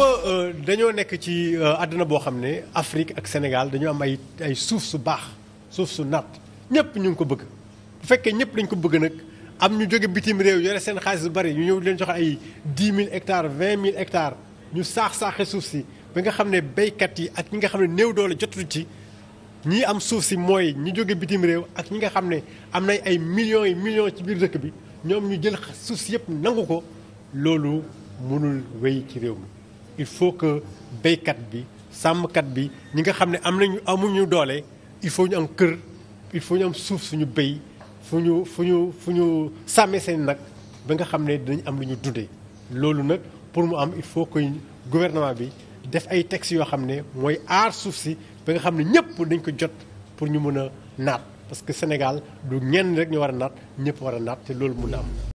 Euh, dañoo nekk ci euh, àdduna boo xam ne Afrique ak Sénégal dañu am ay suuf su baax suuf su naat ñëpp ñu ngi ko bëgg bu fekkee ñëpp dañ ko bëgg nag am ñu jóge bitim réew yore seen xaalis bu bari ñu ñëw leen joxe ay dix mille hectares vingt mille hectares ñu saax saaxe suuf si ba nga xam ne baykat yi ak ñi nga xam ne néew doole jotul ci ñi am suuf si mooy ñi jóge bitim réew ak ñi nga xam ne am na ay millions yi millions ci biir dëkk bi ñoom ñu jël suuf si yëpp nangu ko loolu mënul wéy ci réew mi. il faut que béykat bi sàmmkat bi ñi nga xam ne am nañu amuñu doole il faut ñu am kër il faut ñu am suuf suñu béy fu ñu fu ñu fu ñu sàmmee seen nag ba nga xam ne dinañ am lu ñu dundee loolu nag pour mu am il faut que gouvernement bi def ay textes yoo xam ne mooy aar suuf si ba nga xam ne ñëpp dañ ko jot pour ñu mën a naat parce que Sénégal du ñenn rek ñu war a naat ñëpp war a naat te loolu mun na am.